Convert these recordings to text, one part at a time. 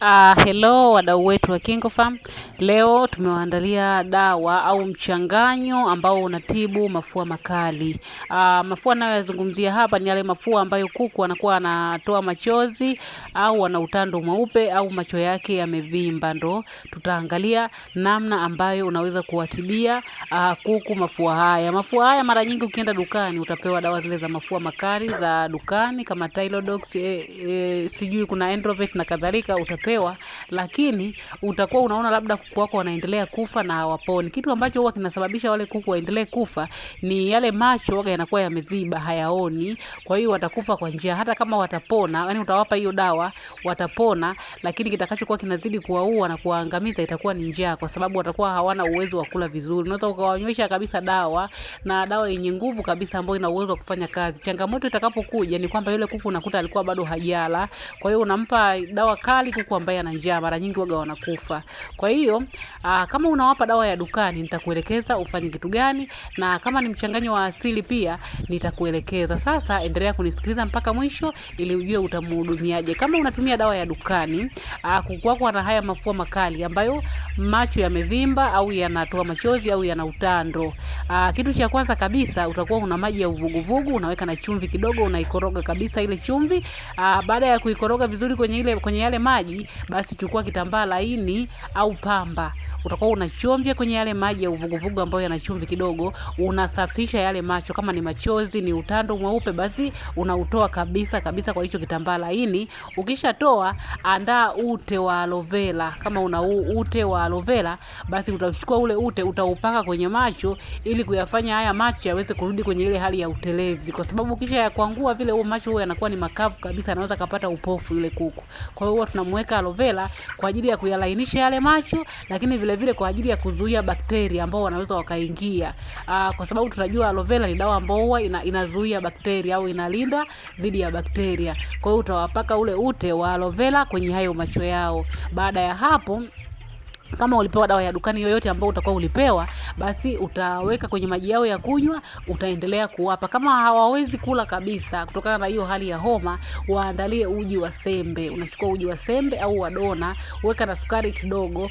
Uh, hello wadau wetu wa KingoFarm. Leo tumewaandalia dawa au mchanganyo ambao unatibu mafua makali. Aa, ah, mafua nayoyazungumzia hapa ni yale mafua ambayo kuku anakuwa anatoa machozi au ana utando mweupe au macho yake yamevimba, ndo tutaangalia namna ambayo unaweza kuwatibia aa, ah, kuku mafua haya. Mafua haya mara nyingi ukienda dukani utapewa dawa zile za mafua makali za dukani kama Tylodox, e, e, sijui kuna Endrovet na kadhalika utapewa, lakini utakuwa unaona labda kuku wako wanaendelea kufa na hawaponi. Kitu ambacho huwa kinasababisha wale kuku waendelee kufa ni yale macho waga yanakuwa yameziba, hayaoni. Kwa hiyo watakufa kwa njia, hata kama watapona, yani utawapa hiyo dawa watapona, lakini kitakachokuwa kinazidi kuwaua na kuwaangamiza itakuwa ni njaa, kwa sababu watakuwa hawana uwezo wa kula vizuri. Unaweza ukawanywesha kabisa dawa na dawa yenye nguvu kabisa ambayo ina uwezo wa kufanya kazi. Changamoto itakapokuja ni kwamba yule kuku unakuta alikuwa bado hajala, kwa hiyo unampa dawa kali kuku ambaye ana njaa, mara nyingi waga wanakufa. Kwa hiyo hivyo aa, ah, kama unawapa dawa ya dukani nitakuelekeza ufanye kitu gani, na kama ni mchanganyo wa asili pia nitakuelekeza. Sasa endelea kunisikiliza mpaka mwisho ili ujue utamhudumiaje. Kama unatumia dawa ya dukani aa, ah, kuku wako ana haya mafua makali ambayo macho yamevimba au yanatoa machozi au yana utando, aa, ah, kitu cha kwanza kabisa utakuwa una maji ya uvuguvugu, unaweka na chumvi kidogo, unaikoroga kabisa ile chumvi. baada ya kuikoroga vizuri kwenye ile kwenye yale maji, basi chukua kitambaa laini au pamba kwamba utakuwa unachomvya kwenye yale maji ya uvuguvugu ambayo yana chumvi kidogo, unasafisha yale macho. Kama ni machozi, ni utando mweupe, basi unautoa kabisa kabisa kwa hicho kitambaa laini. Ukishatoa, andaa ute wa aloe vera. Kama una ute wa aloe vera, basi utachukua ule ute utaupaka kwenye macho ili kuyafanya haya macho yaweze kurudi kwenye ile hali ya utelezi, kwa sababu kisha ya kuangua vile huo macho huo yanakuwa ni makavu kabisa, anaweza kapata upofu ile kuku. Kwa hiyo huwa tunamweka aloe vera kwa ajili ya kuyalainisha yale macho lakini vile vile kwa ajili ya kuzuia bakteria ambao wanaweza wakaingia, ah, kwa sababu tunajua aloe vera ni dawa ambayo huwa ina, inazuia bakteria au inalinda dhidi ya bakteria. Kwa hiyo utawapaka ule ute wa aloe vera kwenye hayo macho yao. Baada ya hapo kama ulipewa dawa ya dukani yoyote ambayo utakuwa ulipewa, basi utaweka kwenye maji yao ya kunywa, utaendelea kuwapa. Kama hawawezi kula kabisa kutokana na hiyo hali ya homa, waandalie uji wa sembe. Unachukua uji wa sembe au wa dona, weka na sukari kidogo,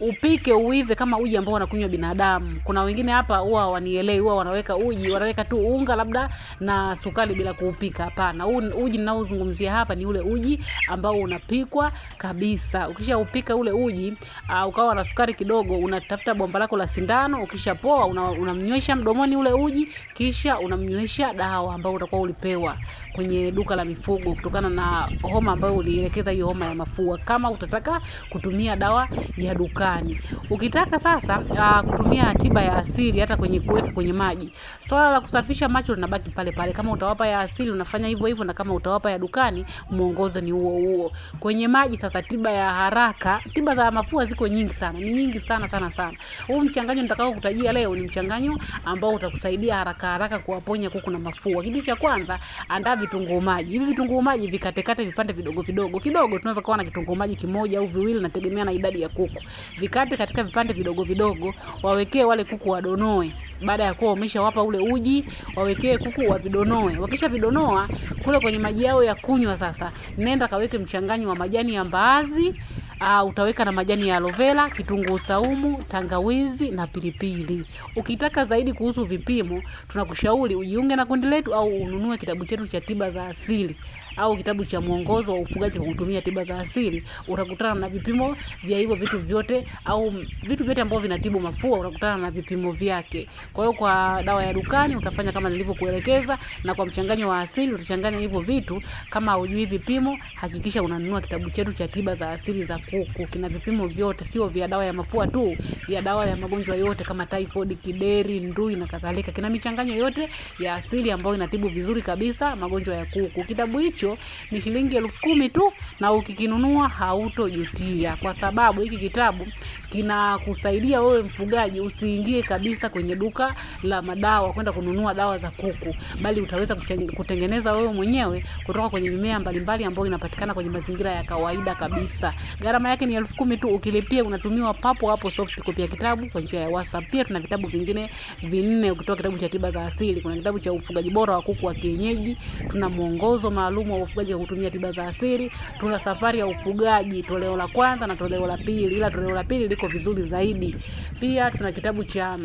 upike uive kama uji ambao wanakunywa binadamu. Kuna wengine hapa huwa hawanielewi, huwa wanaweka uji, wanaweka tu unga labda na sukari bila kuupika. Hapana, uji ninaozungumzia hapa ni ule uji ambao unapikwa kabisa. Ukisha upika ule uji uh, ukawa na sukari kidogo, unatafuta bomba lako la sindano, ukisha poa unamnywesha una mdomoni ule uji, kisha unamnywesha dawa ambayo utakuwa ulipewa kwenye duka la mifugo kutokana na homa ambayo ulielekeza hiyo homa ya mafua, kama utataka kutumia dawa ya duka gani. Ukitaka sasa uh, kutumia tiba ya asili hata kwenye kuweka kwenye maji, swala la kusafisha macho linabaki pale pale. Kama utawapa ya asili unafanya hivyo hivyo, na kama utawapa ya dukani mwongozo ni huo huo. Kwenye maji sasa, tiba ya haraka, tiba za mafua ziko nyingi sana, ni nyingi sana sana sana. Huu mchanganyo nitakao kutajia leo ni mchanganyo ambao utakusaidia haraka haraka kuwaponya kuku na mafua. Kitu cha kwanza, andaa vitunguu maji. Hivi vitunguu maji vikatekate vipande vidogo vidogo kidogo, tunaweza kuwa na kitunguu maji kimoja au viwili, nategemea na idadi ya kuku vikate katika vipande vidogo vidogo, wawekee wale kuku wadonoe. Baada ya kuwa umeshawapa ule uji, wawekee kuku wavidonoe. Wakisha vidonoa kule kwenye maji yao ya kunywa, sasa nenda kaweke mchanganyo wa majani ya mbaazi Uh, utaweka na majani ya aloe vera, kitunguu saumu, tangawizi na pilipili. Ukitaka zaidi kuhusu vipimo, tunakushauri ujiunge na kundi letu au ununue kitabu chetu cha tiba za asili au kitabu cha mwongozo wa ufugaji kwa kutumia tiba za asili, utakutana na vipimo vya hivyo vitu vyote, au vitu vyote ambavyo vinatibu mafua utakutana na vipimo vyake. Kwa hiyo kwa dawa ya dukani utafanya kama nilivyokuelekeza, na kwa mchanganyo wa asili utachanganya hivyo vitu. Kama hujui vipimo, hakikisha unanunua kitabu chetu cha tiba za asili za kuku, kina vipimo vyote, sio vya dawa ya mafua tu, vya dawa ya magonjwa yote kama typhoid, kideri, ndui na kadhalika. Kina michanganyo yote ya asili ambayo inatibu vizuri kabisa magonjwa ya kuku. Kitabu hicho hicho ni shilingi elfu kumi tu, na ukikinunua hautojutia, kwa sababu hiki kitabu kinakusaidia wewe mfugaji usiingie kabisa kwenye duka la madawa kwenda kununua dawa za kuku, bali utaweza kutengeneza wewe mwenyewe kutoka kwenye mimea mbalimbali ambayo inapatikana kwenye mazingira ya kawaida kabisa. Gharama yake ni elfu kumi tu, ukilipia unatumiwa papo hapo soft copy ya kitabu kwa njia ya WhatsApp. Pia tuna vitabu vingine vinne, ukitoa kitabu cha tiba za asili, kuna kitabu cha ufugaji bora wa kuku wa kienyeji, tuna mwongozo maalum wa ufugaji wa kutumia tiba za asili. Tuna safari ya ufugaji toleo la kwanza na toleo la pili, ila toleo la pili liko vizuri zaidi. Pia tuna kitabu cha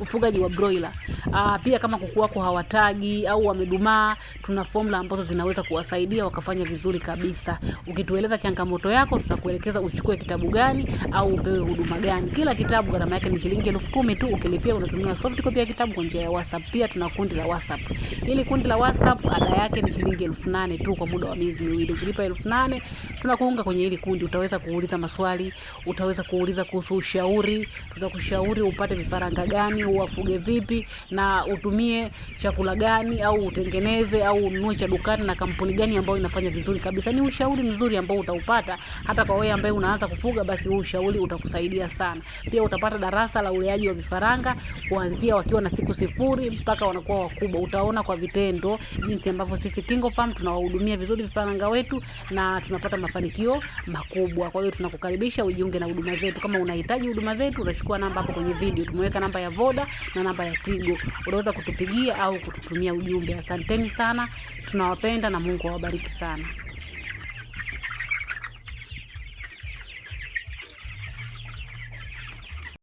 ufugaji wa broiler. Uh, pia kama kuku wako hawatagi au wamedumaa, tuna formula ambazo zinaweza kuwasaidia wakafanya vizuri kabisa. Ukitueleza changamoto yako, tutakuelekeza uchukue kitabu gani au upewe huduma gani. Kila kitabu gharama yake ni shilingi elfu kumi tu. Ukilipia unatumia soft copy ya kitabu kwa njia ya WhatsApp. Pia tuna kundi la WhatsApp. Ili kundi la WhatsApp ada yake ni shilingi elfu nane tu kwa muda wa miezi miwili. Ukilipa elfu nane tunakuunga kwenye hili kundi, utaweza kuuliza maswali, utaweza kuuliza kuhusu ushauri, tutakushauri upate vifaranga gani uwafuge vipi na utumie chakula gani au utengeneze au ununue cha dukani na kampuni gani ambayo inafanya vizuri kabisa. Ni ushauri mzuri ambao utaupata hata kwa wewe ambaye unaanza kufuga, basi huu ushauri utakusaidia sana. Pia utapata darasa la uleaji wa vifaranga kuanzia wakiwa na siku sifuri mpaka wanakuwa wakubwa. Utaona kwa vitendo jinsi ambavyo sisi Kingo Farm tunawahudumia vizuri vifaranga wetu na tunapata mafanikio makubwa. Kwa hiyo tunakukaribisha ujiunge na huduma zetu. Kama unahitaji huduma zetu, unachukua namba hapo kwenye video, tumeweka namba ya Vodacom boda na namba ya Tigo. Unaweza kutupigia au kututumia ujumbe. Asanteni sana, tunawapenda na Mungu awabariki sana.